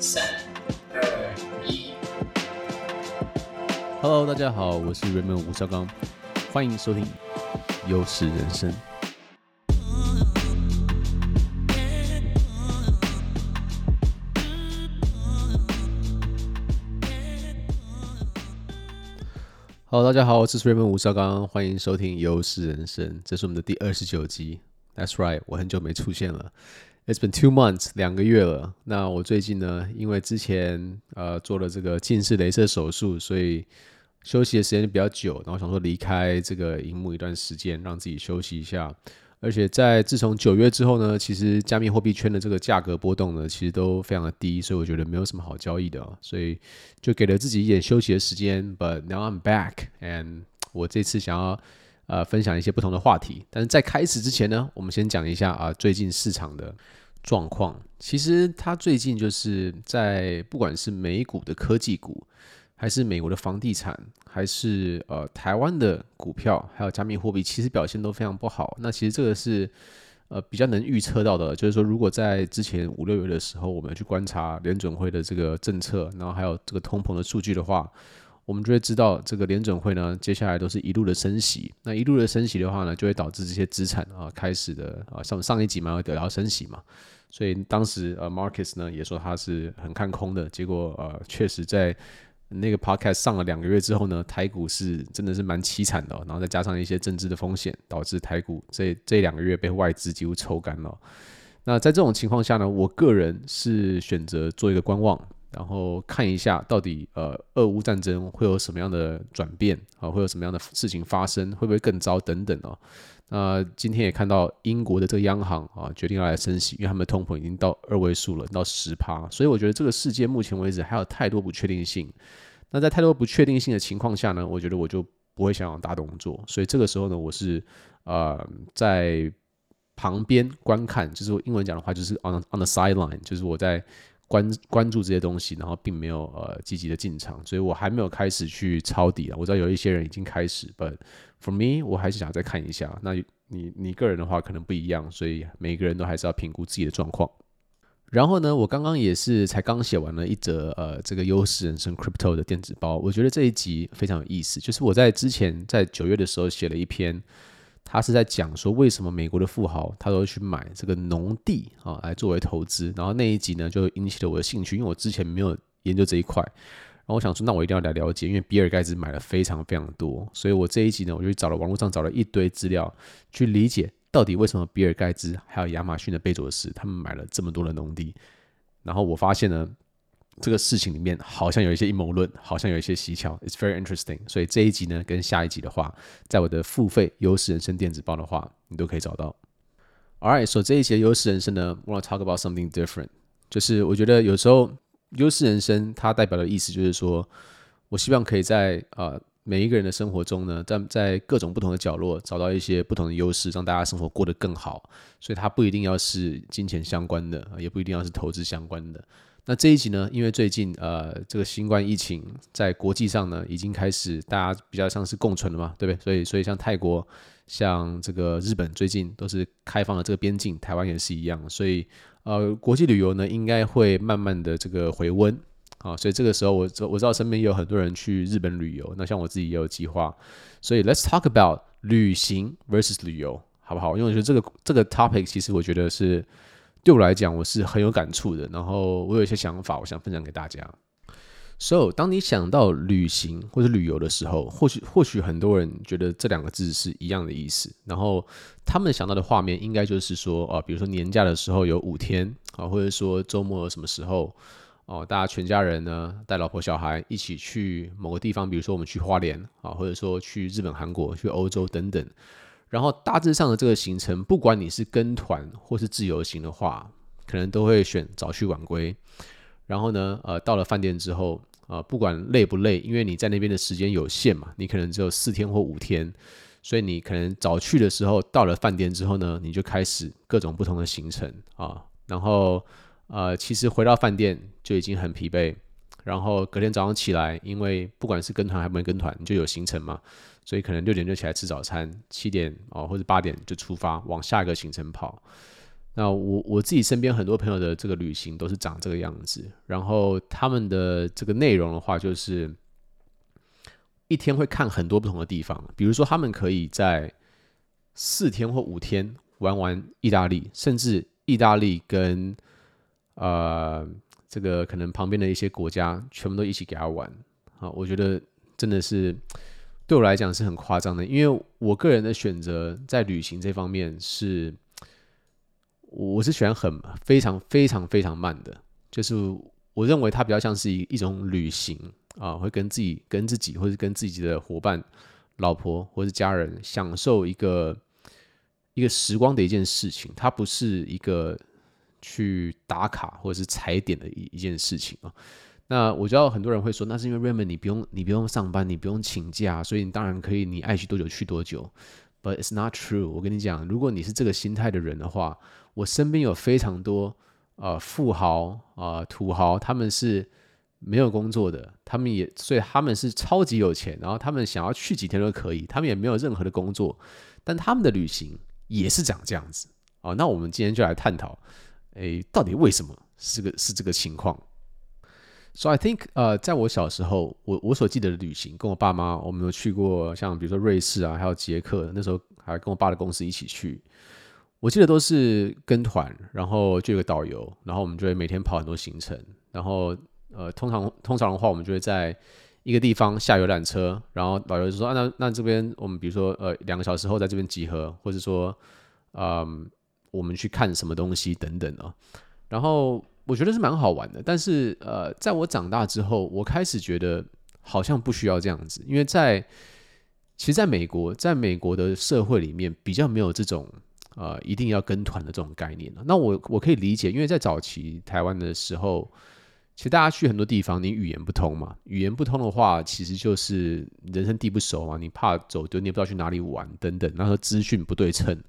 三二一，Hello，大家好，我是 Raymond 吳紹剛，歡迎收聽《優勢人生》。Hello，大家好，我是 Raymond 吳紹剛，歡迎收聽《優勢人生》，這是我們的第二十九集。That's right，我很久沒出現了。It's been two months，兩個月了。那我最近呢，因為之前呃做了這個近視雷射手術，所以休息的時間比較久。然後想說離開這個熒幕一段時間，讓自己休息一下。而且在自從九月之後呢，其實加密貨幣圈的這個價格波動呢，其實都非常的低，所以我覺得沒有什麼好交易的哦。所以就給了自己一點休息的時間。But now I'm back，and 我這次想要呃分享一些不同的話題。但是在開始之前呢，我們先講一下啊，呃，最近市場的。狀況其實，它最近就是在不管是美股的科技股，還是美國的房地產，還是呃台灣的股票，還有加密貨幣，其實表現都非常不好。那其實這個是呃比較能預測到的，就是說如果在之前五六月的時候，我們去觀察聯準會的這個政策，然後還有這個通膨的數據的話。我們就會知道，這個聯準會呢，接下來都是一路的升息。那一路的升息的話呢，就會導致這些資產啊，開始的啊，上上一集嘛，得到升息嘛。所以當時呃，Marcus 呢也說他是很看空的。結果呃，確實在那個 Podcast 上了兩個月之後呢，台股是真的是蠻淒慘的。哦。然後再加上一些政治的風險，導致台股這這兩個月被外資幾乎抽乾了。哦。那在這種情況下呢，我個人是選擇做一個觀望。然後看一下到底呃，俄烏戰爭會有什麼樣的轉變啊？會有什麼樣的事情發生？會不會更糟？等等啊、哦，那今天也看到英國的這個央行啊，決定要來升息，因為他們通膨已經到二位數了，到十趴。所以我覺得這個世界目前為止還有太多不確定性。那在太多不確定性的情況下呢，我覺得我就不會想，想大動作。所以這個時候呢，我是呃在旁邊觀看，就是英文講的話就是 on on the sideline，就是我在。關關注這些東西，然後並沒有呃積極的進場，所以我還沒有開始去抄底啊，我知道有一些人已經開始，but for me，我還是想再看一下。那你你個人的話可能不一樣，所以每個人都還是要評估自己的狀況。然後呢，我剛剛也是才剛寫完了一則呃這個優勢人生 Crypto 的電子包，我覺得這一集非常有意思。就是我在之前在九月的時候寫了一篇。他是在講說，為什麼美國的富豪他都會去買這個農地啊，來作為投資。然後那一集呢，就引起了我的興趣，因為我之前沒有研究這一塊。然後我想說，那我一定要來了解，因為比爾蓋茨買了非常非常多。所以我這一集呢，我就去找了網絡上找了一堆資料，去理解到底為什麼比爾蓋茨還有亞馬遜的貝佐斯他們買了這麼多的農地。然後我發現呢。這個事情裡面好像有一些陰謀論，好像有一些蹊蹺，It's very interesting。所以這一集呢，跟下一集的話，在我的付費優勢人生電子報的話，你都可以找到。All right，所以這一集的優勢人生呢，我 wanna talk about something different。就是我覺得有時候優勢人生它代表的意思就是說，我希望可以在啊。呃每一個人的生活中呢，在在各種不同的角落找到一些不同的優勢，讓大家生活過得更好。所以它不一定要是金錢相關的，也不一定要是投資相關的。那這一集呢，因為最近呃，這個新冠疫情在國際上呢已經開始，大家比較像是共存了嘛，對不對？所以所以像泰國、像這個日本最近都是開放了這個邊境，台灣也是一樣。所以呃，國際旅遊呢應該會慢慢的這個回溫。啊，所以這個時候我我知道身邊也有很多人去日本旅遊，那像我自己也有計劃，所以 Let's talk about 旅行 versus 旅遊，好不好？因為我覺得這個這個 topic 其實我覺得是對我來講我是很有感觸的，然後我有一些想法，我想分享給大家。所以當你想到旅行或者旅遊的時候，或許或許很多人覺得這兩個字是一樣的意思，然後他們想到的畫面應該就是說啊，比如說年假的時候有五天啊，或者說周末有什麼時候。哦，大家全家人呢，帶老婆小孩一起去某個地方，比如說我們去花蓮啊，或者說去日本、韓國、去歐洲等等。然後大致上的這個行程，不管你是跟團或是自由行的話，可能都會選早去晚歸。然後呢，呃，到了飯店之後，啊、呃，不管累不累，因為你在那邊的時間有限嘛，你可能只有四天或五天，所以你可能早去的時候，到了飯店之後呢，你就開始各種不同的行程啊、呃，然後。呃，其實回到飯店就已經很疲憊，然後隔天早上起來，因為不管是跟團還沒跟團，就有行程嘛，所以可能六點就起來吃早餐，七點哦或者八點就出發往下一個行程跑。那我我自己身邊很多朋友的這個旅行都是長這個樣子，然後他們的這個內容的話，就是一天會看很多不同的地方，比如說他們可以在四天或五天玩完意大利，甚至意大利跟。呃，這個可能旁邊的一些國家，全部都一起給他玩啊，我覺得真的是，對我來講是很誇張的，因為我個人的選擇在旅行這方面是，我是喜歡很非常非常非常慢的，就是我認為它比較像是一一種旅行啊，會跟自己跟自己，或是跟自己的夥伴、老婆，或是家人，享受一個一個時光的一件事情，它不是一個。去打卡或者是踩點的一一件事情啊、哦，那我知道很多人會說，那是因為 Raymond 你不用你不用上班，你不用請假，所以你當然可以，你愛去多久去多久。But it's not true，我跟你講，如果你是這個心態的人的話，我身邊有非常多、呃、富豪、呃、土豪，他們是沒有工作的，他們也所以他們是超級有錢，然後他們想要去幾天都可以，他們也沒有任何的工作，但他們的旅行也是長這樣子啊、哦。那我們今天就來探討。誒，到底為什麼是個是這個情況？So I think，呃，在我小時候，我我所記得的旅行，跟我爸媽，我們有去過像比如說瑞士啊，還有捷克，那時候還跟我爸的公司一起去。我記得都是跟團，然後就有個導遊，然後我們就會每天跑很多行程。然後呃，通常通常的話，我們就會在一個地方下遊覽車，然後導遊就說啊，那那這邊我們比如說呃兩個小時後在這邊集合，或者說嗯。呃我們去看什麼東西等等啊，然後我覺得是蠻好玩的。但是呃，在我長大之後，我開始覺得好像不需要這樣子，因為在其實，在美國，在美國的社會裡面比較沒有這種呃一定要跟團的這種概念啊，那我我可以理解，因為在早期台灣的時候，其實大家去很多地方，你語言不通嘛，語言不通的話，其實就是人生地不熟嘛，啊，你怕走丟，你也不知道去哪裡玩等等，然後資訊不對稱。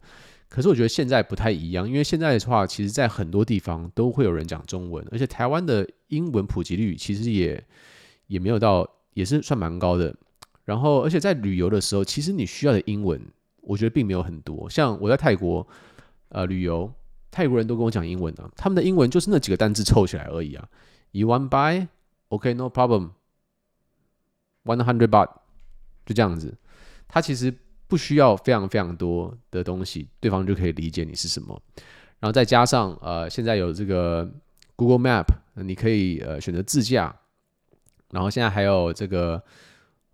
可是我覺得現在不太一樣，因為現在的話，其實在很多地方都會有人講中文，而且台灣的英文普及率其實也也沒有到，也是算蠻高的。然後，而且在旅遊的時候，其實你需要的英文，我覺得並沒有很多。像我在泰國，呃，旅遊，泰國人都跟我講英文的啊，他們的英文就是那幾個單字湊起來而已啊。一萬塊，OK，no problem，one hundred baht，就這樣子。他其實。不需要非常非常多的東西，對方就可以理解你是什麼。然後再加上呃，現在有這個 Google Map，你可以呃選擇自駕。然後現在還有這個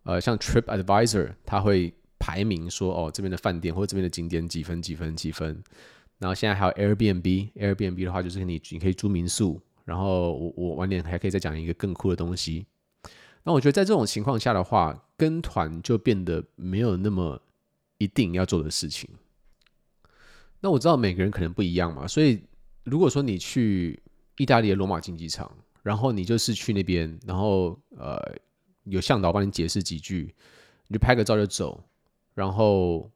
呃，像 Trip Advisor，它會排名說哦，這邊的飯店或者這邊的景點幾分幾分幾分。然後現在還有 Airbnb，Airbnb 的話就是你你可以住民宿。然後我我晚點還可以再講一個更酷的東西。那我覺得在這種情況下的話，跟團就變得沒有那麼一定要做的事情。那我知道每個人可能不一樣嘛，所以如果說你去意大利的羅馬競技場，然後你就是去那邊，然後呃有向導幫你解釋幾句，你就拍個照就走，然後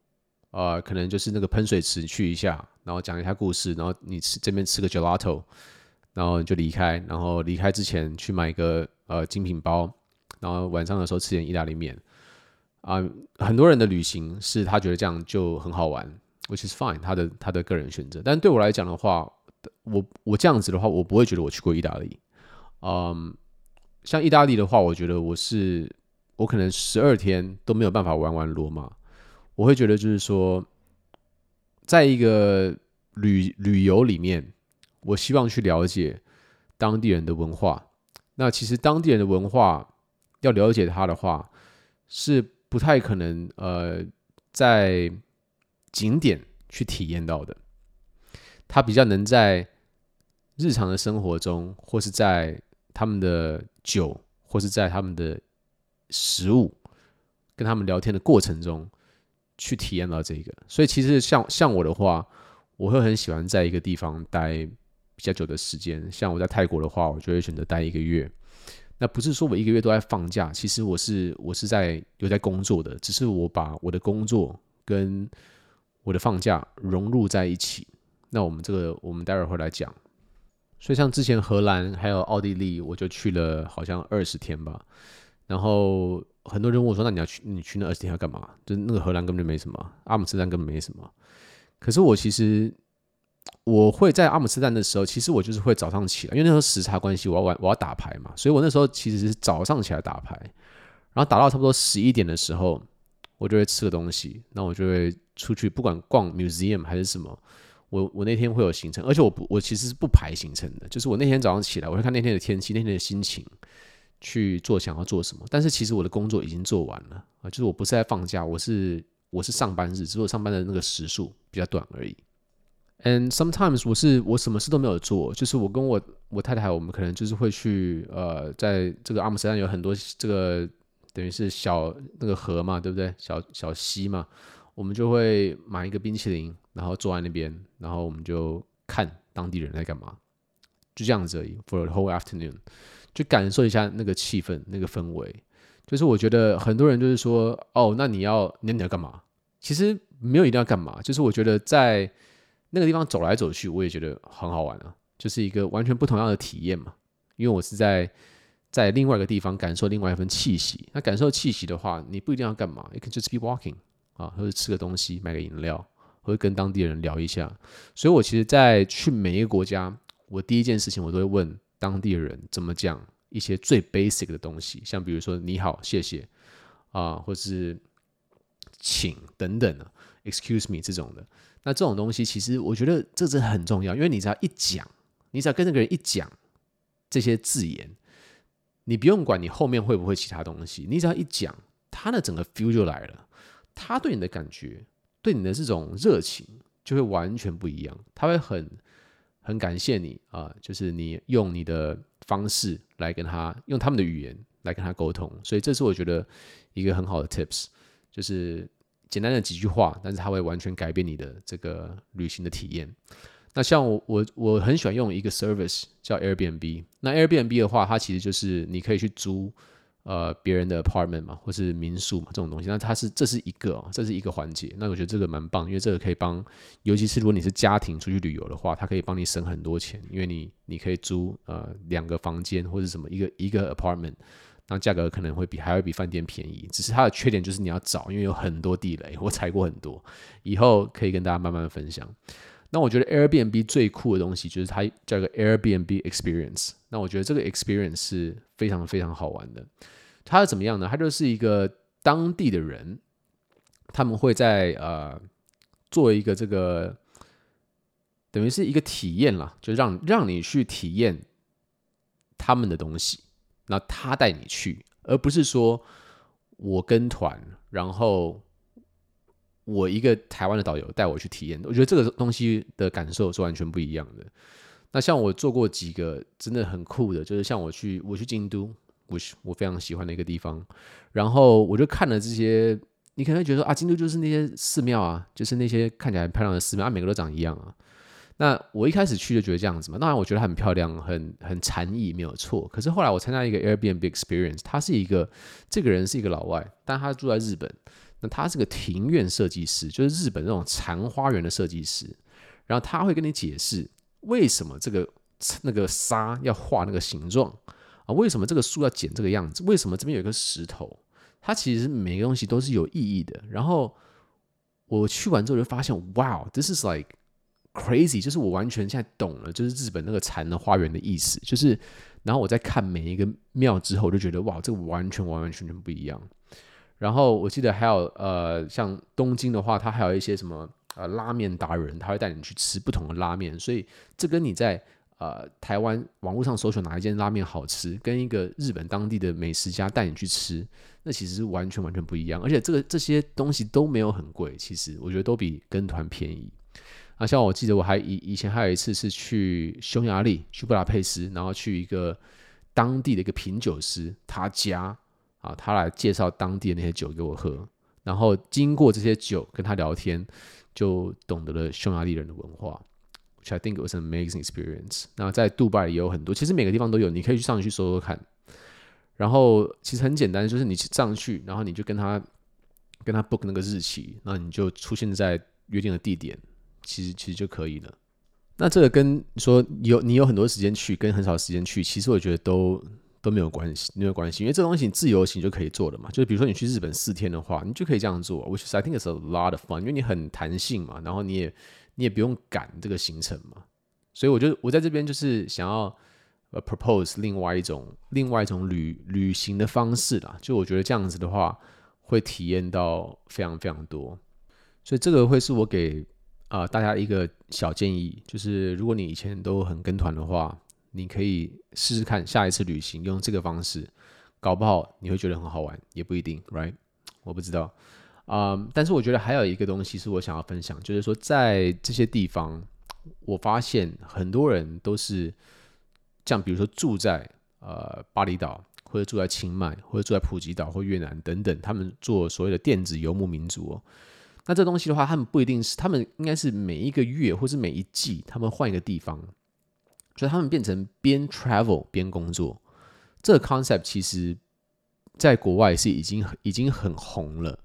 呃可能就是那個噴水池去一下，然後講一下故事，然後你吃這邊吃個 gelato，然後你就離開，然後離開之前去買一個呃精品包，然後晚上的時候吃點意大利麵。啊，uh, 很多人的旅行是他覺得這樣就很好玩，which is fine，他的他的個人選擇。但對我來講的話，我我這樣子的話，我不會覺得我去過意大利。嗯，um，像意大利的話，我覺得我是我可能十二天都沒有辦法玩完羅馬。我會覺得就是說，在一個旅旅遊裡面，我希望去了解當地人的文化。那其實當地人的文化要了解他的話，是。不太可能，呃，在景點去體驗到的，他比較能在日常的生活中，或是在他們的酒，或是在他們的食物，跟他們聊天的過程中去體驗到這個。所以，其實像像我的話，我會很喜歡在一個地方待比較久的時間。像我在泰國的話，我就會選擇待一個月。那不是說我一個月都在放假，其實我是我是在有在工作的，只是我把我的工作跟我的放假融入在一起。那我們這個我們待會兒會來講。所以像之前荷蘭還有奧地利，我就去了好像二十天吧。然後很多人問我說：“那你要去你去那二十天要幹嘛？”就那個荷蘭根本就沒什麼，阿姆斯特丹根本沒什麼。可是我其實。我會在阿姆斯特丹的時候，其實我就是會早上起來，因為那時候時差關係，我要玩，我要打牌嘛，所以我那時候其實是早上起來打牌，然後打到差不多十一點的時候，我就會吃個東西，那我就會出去，不管逛 museum 還是什麼，我我那天會有行程，而且我我其實是不排行程的，就是我那天早上起來，我會看那天的天氣，那天的心情去做想要做什麼，但是其實我的工作已經做完了啊，就是我不是在放假，我是我是上班日，只是我上班的那個時數比較短而已。And sometimes 我是我什麼事都沒有做，就是我跟我我太太，我們可能就是會去呃，在這個阿姆斯特丹有很多這個等於是小那個河嘛，對不對？小小溪嘛，我們就會買一個冰淇淋，然後坐在那邊，然後我們就看當地人在幹嘛，就這樣子而已，for the whole afternoon，就感受一下那個氣氛、那個氛圍。就是我覺得很多人就是說，哦，那你要那你要幹嘛？其實沒有一定要幹嘛，就是我覺得在那個地方走來走去，我也覺得很好玩啊，就是一個完全不同樣的體驗嘛。因為我是在在另外一個地方感受另外一份氣息。那感受氣息的話，你不一定要幹嘛，You can just be walking 啊，或者吃個東西，買個飲料，或者跟當地人聊一下。所以我其實在去每一個國家，我第一件事情我都會問當地人怎麼講一些最 basic 的東西，像比如說你好、謝謝啊，或者是請等等的啊，excuse me 這種的。那這種東西，其實我覺得這真很重要，因為你只要一講，你只要跟那個人一講這些字眼，你不用管你後面會不會其他東西，你只要一講，他的整個 feel 就來了，他對你的感覺，對你的這種熱情就會完全不一樣，他會很很感謝你啊、呃，就是你用你的方式來跟他，用他們的語言來跟他溝通，所以這是我覺得一個很好的 tips，就是。簡單的幾句話，但是它會完全改變你的這個旅行的體驗。那像我我我很喜歡用一個 service 叫 Airbnb。那 Airbnb 的話，它其實就是你可以去租呃別人的 apartment 嘛，或是民宿嘛這種東西。那它是這是一個、哦、這是一個環節。那我覺得這個蠻棒，因為這個可以幫，尤其是如果你是家庭出去旅遊的話，它可以幫你省很多錢，因為你你可以租呃兩個房間或者什麼一個一個 apartment。那價格可能會比，還會比飯店便宜，只是它的缺點就是你要找，因為有很多地雷，我踩過很多，以後可以跟大家慢慢分享。那我覺得 Airbnb 最酷的東西就是它叫做 Airbnb Experience。那我覺得這個 Experience 是非常非常好玩的。它是怎麼樣呢？它就是一個當地的人，他們會在呃做一個這個，等於是一個體驗啦，就讓讓你去體驗他們的東西。那他帶你去，而不是說我跟團，然後我一個台灣的導遊帶我去體驗。我覺得這個東西的感受是完全不一樣的。那像我做過幾個真的很酷的，就是像我去我去京都，我去，我非常喜歡的一個地方，然後我就看了這些，你可能會覺得啊，京都就是那些寺廟啊，就是那些看起來很漂亮的寺廟，啊每個都長一樣啊。那我一開始去就覺得這樣子嘛，當然我覺得很漂亮，很很禪意，沒有錯。可是後來我參加一個 Airbnb experience，他是一個這個人是一個老外，但他住在日本。那他是個庭院設計師，就是日本那種禪花園的設計師。然後他會跟你解釋為什麼這個那個沙要畫那個形狀啊，為什麼這個樹要剪這個樣子，為什麼這邊有一個石頭，它其實每個東西都是有意義的。然後我去完之後就發現哇、wow, this is like。crazy，就是我完全現在懂了，就是日本那個禪的花園的意思。就是，然後我在看每一個廟之後，我就覺得哇，這個完全完完全全不一樣。然後我記得還有呃，像東京的話，它還有一些什麼呃拉麵達人，他會帶你去吃不同的拉麵。所以這跟你在呃台灣網絡上搜索哪一間拉麵好吃，跟一個日本當地的美食家帶你去吃，那其實是完全完全不一樣。而且這個這些東西都沒有很貴，其實我覺得都比跟團便宜。那像我記得我還以以前還有一次是去匈牙利，去布達佩斯，然後去一個當地的一個品酒師他家啊，他來介紹當地的那些酒給我喝，然後經過這些酒跟他聊天，就懂得了匈牙利人的文化，which I think was an amazing experience。那在杜拜也有很多，其實每個地方都有，你可以去上去搜搜搜看。然後其實很簡單，就是你去上去，然後你就跟他跟他 book 那個日期，那你就出現在約定的地點。其實其實就可以了。那這個跟說有你有很多時間去，跟很少時間去，其實我覺得都都沒有關係，沒有關係，因為這東西你自由行就可以做的嘛。就是比如說你去日本四天的話，你就可以這樣做。Which I think is a lot of fun，因為你很彈性嘛，然後你也你也不用趕這個行程嘛。所以我覺得我在這邊就是想要呃 propose 另外一種另外一種旅旅行的方式啦。就我覺得這樣子的話，會體驗到非常非常多。所以這個會是我給。啊、呃，大家一個小建議，就是如果你以前都很跟團的話，你可以試試看下一次旅行用這個方式，搞不好你會覺得很好玩，也不一定，right？我不知道啊、呃，但是我覺得還有一個東西是我想要分享，就是說在這些地方，我發現很多人都是像比如說住在呃巴厘島，或者住在清邁，或者住在普吉島或者越南等等，他們做所謂的電子游牧民族哦。那這東西的話，他們不一定是，他們應該是每一個月或是每一季，他們換一個地方，所以他們變成邊 travel 邊工作。這個 concept 其實在國外是已經已經很紅了，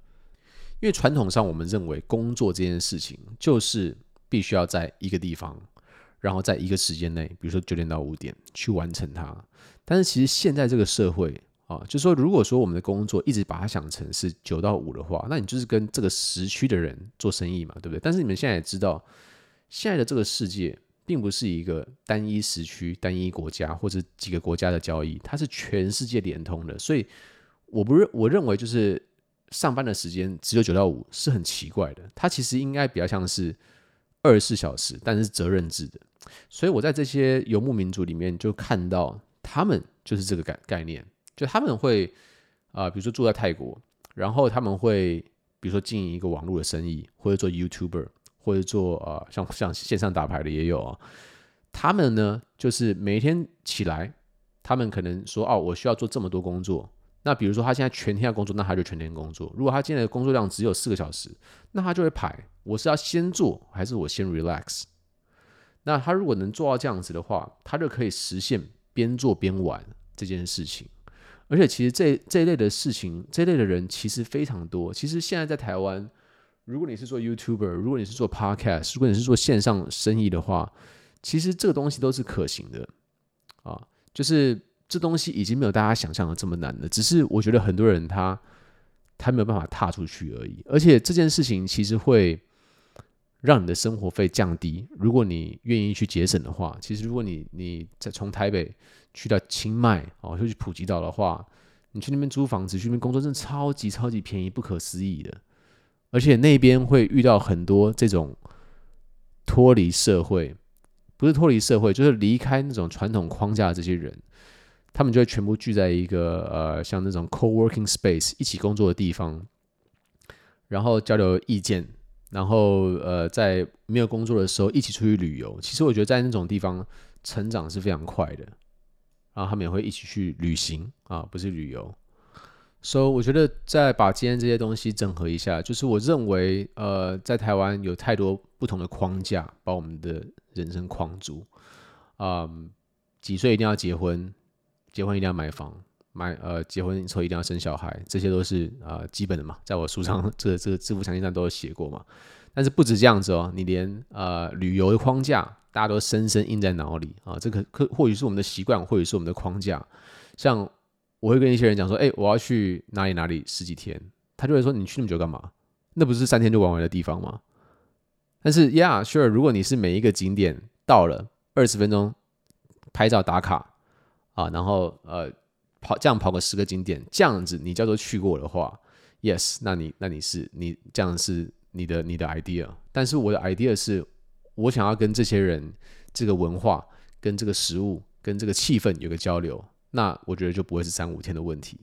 因為傳統上我們認為工作這件事情就是必須要在一個地方，然後在一個時間內，比如說九點到五點去完成它。但是其實現在這個社會。啊、哦，就是說，如果說我們的工作一直把它想成是九到五的話，那你就是跟這個時區的人做生意嘛，對不對？但是你們現在也知道，現在的這個世界並不是一個單一時區、單一國家或者是幾個國家的交易，它是全世界連通的。所以我不認，我認為就是上班的時間只有九到五是很奇怪的，它其實應該比較像是二十四小時，但是責任制的。所以我在這些游牧民族裡面就看到，他們就是這個概概念。就他們會啊、呃，比如說住在泰國，然後他們會比如說經營一個網絡的生意，或者做 YouTuber，或者做啊、呃、像像線上打牌的也有啊、哦。他們呢，就是每一天起來，他們可能說哦，我需要做這麼多工作。那比如說他現在全天要工作，那他就全天工作。如果他現在的工作量只有四個小時，那他就會排：我是要先做還是我先 relax？那他如果能做到這樣子的話，他就可以實現邊做邊玩這件事情。而且其實這這一類的事情，這一類的人其實非常多。其實現在在台灣，如果你是做 YouTuber，如果你是做 Podcast，如果你是做線上生意的話，其實這個東西都是可行的，啊，就是這東西已經沒有大家想象的這麼難了。只是我覺得很多人他他沒有辦法踏出去而已。而且這件事情其實會，讓你的生活費降低。如果你願意去節省的話，其實如果你你在從台北去到清邁哦，或去普吉島的話，你去那邊租房子、去那邊工作，真的超級超級便宜，不可思議的。而且那邊會遇到很多這種脫離社會，不是脫離社會，就是離開那種傳統框架的這些人，他們就會全部聚在一個呃，像那種 co-working space 一起工作的地方，然後交流意見。然後，呃，在沒有工作的時候，一起出去旅遊。其實我覺得在那種地方成長是非常快的。然後，啊，他們也會一起去旅行啊，不是旅遊。所以，So，我覺得再把今天這些東西整合一下，就是我認為，呃，在台灣有太多不同的框架把我們的人生框住。嗯，幾歲一定要結婚，結婚一定要買房。買呃，結婚以後一定要生小孩，這些都是啊、呃、基本的嘛，在我書上這個這個支付產清上都有寫過嘛。但是不止這樣子哦，你連呃旅遊的框架大家都深深印在腦裡啊、呃。這個可或許是我們的習慣，或許是我們的框架。像我會跟一些人講說：“哎、欸，我要去哪裡哪裡十幾天？”他就會說：“你去那麼久幹嘛？那不是三天就玩完的地方嗎？”但是呀、yeah,，Sure，如果你是每一個景點到了二十分鐘拍照打卡啊、呃，然後呃。跑這樣跑個十個景點，這樣子你叫做去過的話，yes，那你那你是你這樣是你的你的 idea。但是我的 idea 是，我想要跟這些人、這個文化、跟這個食物、跟這個氣氛有個交流，那我覺得就不會是三五天的問題。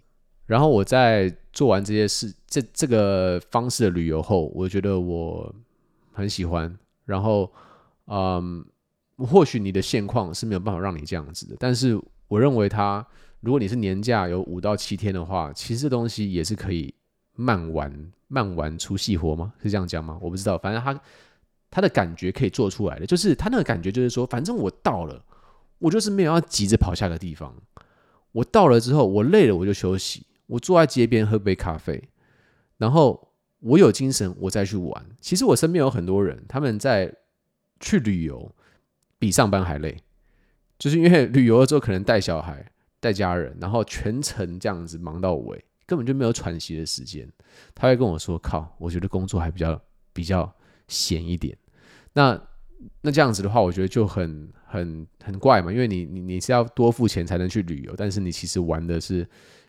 然後我在做完這些事，這這個方式的旅遊後，我覺得我很喜歡。然後，嗯，或許你的現況是沒有辦法讓你這樣子的，但是我認為他。如果你是年假有五到七天的話，其實這東西也是可以慢玩，慢玩出細活嗎？是這樣講嗎？我不知道，反正他他的感覺可以做出來的，就是他那個感覺，就是說，反正我到了，我就是沒有要急着跑下個地方。我到了之後，我累了我就休息，我坐在街邊喝杯咖啡，然後我有精神我再去玩。其實我身邊有很多人，他們在去旅遊比上班還累，就是因為旅遊的時候可能帶小孩。帶家人，然後全程這樣子忙到尾，根本就沒有喘息的時間。他會跟我說：“靠，我覺得工作還比較比較閒一點。”那那那這樣子的話，我覺得就很很很怪嘛，因為你你你是要多付錢才能去旅遊，但是你其實玩的是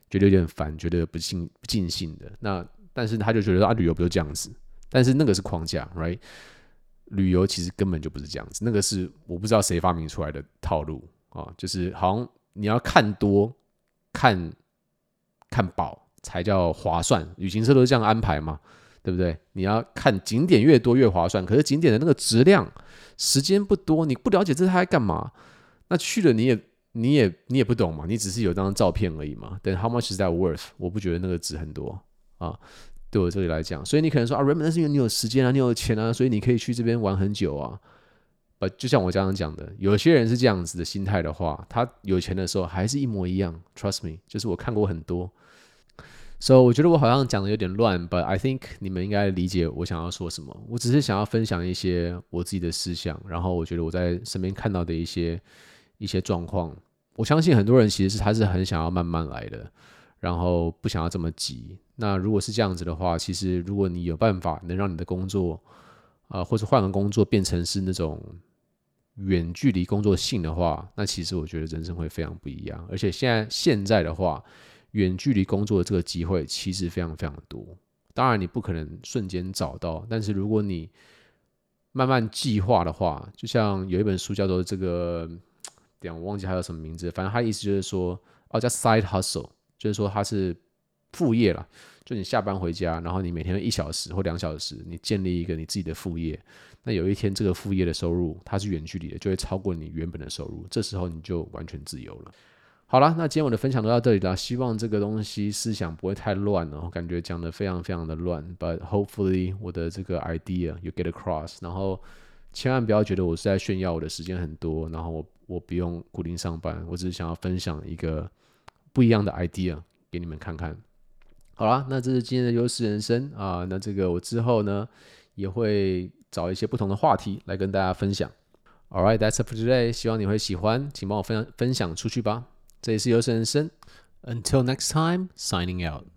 覺得有點煩，覺得不盡不盡興的。那但是他就覺得啊，旅遊不就這樣子？但是那個是框架，right？旅遊其實根本就不是這樣子，那個是我不知道誰發明出來的套路啊、哦，就是好像。你要看多，看看飽才叫划算。旅行社都是這樣安排嘛，對不對？你要看景點越多越划算，可是景點的那個質量，時間不多，你不了解這是他在幹嘛，那去了你也你也你也不懂嘛，你只是有張照片而已嘛。Then how much is that worth？我不覺得那個值很多啊，對我這裡來講。所以你可能說啊，原本是因為你有時間啊，你有錢啊，所以你可以去這邊玩很久啊。But 就像我這樣講的，有些人是這樣子的心態的話，他有錢的時候還是一模一樣。Trust me，就是我看過很多。所以我覺得我好像講的有點亂，But I think 你們應該理解我想要說什麼。我只是想要分享一些我自己的思想，然後我覺得我在身邊看到的一些一些狀況。我相信很多人其實是他是很想要慢慢來的，然後不想要這麼急。那如果是這樣子的話，其實如果你有辦法能讓你的工作，呃，或是換個工作，變成是那種遠距離工作性的話，那其實我覺得人生會非常不一樣。而且現在現在的話，遠距離工作的這個機會其實非常非常多。當然，你不可能瞬間找到，但是如果你慢慢計劃的話，就像有一本書叫做這個，點我忘記還有什麼名字，反正他的意思就是說，哦叫 side hustle，就是說他是副業了。就你下班回家，然後你每天一小時或兩小時，你建立一個你自己的副業。那有一天這個副業的收入，它是遠距離的，就會超過你原本的收入。這時候你就完全自由了。好啦，那今天我的分享就到這裡了。希望這個東西思想不會太亂，然後感覺講得非常非常的亂。But hopefully 我的這個 idea you get across。然後千萬不要覺得我是在炫耀我的時間很多，然後我我不用固定上班，我只是想要分享一個不一樣的 idea 給你們看看。好啦，那這是今天的優勢人生啊。那這個我之後呢，也會找一些不同的話題來跟大家分享。All right, that's u p r o d a y 希望你會喜歡，請幫我分分享出去吧。這裡是優勢人生，Until next time, signing out.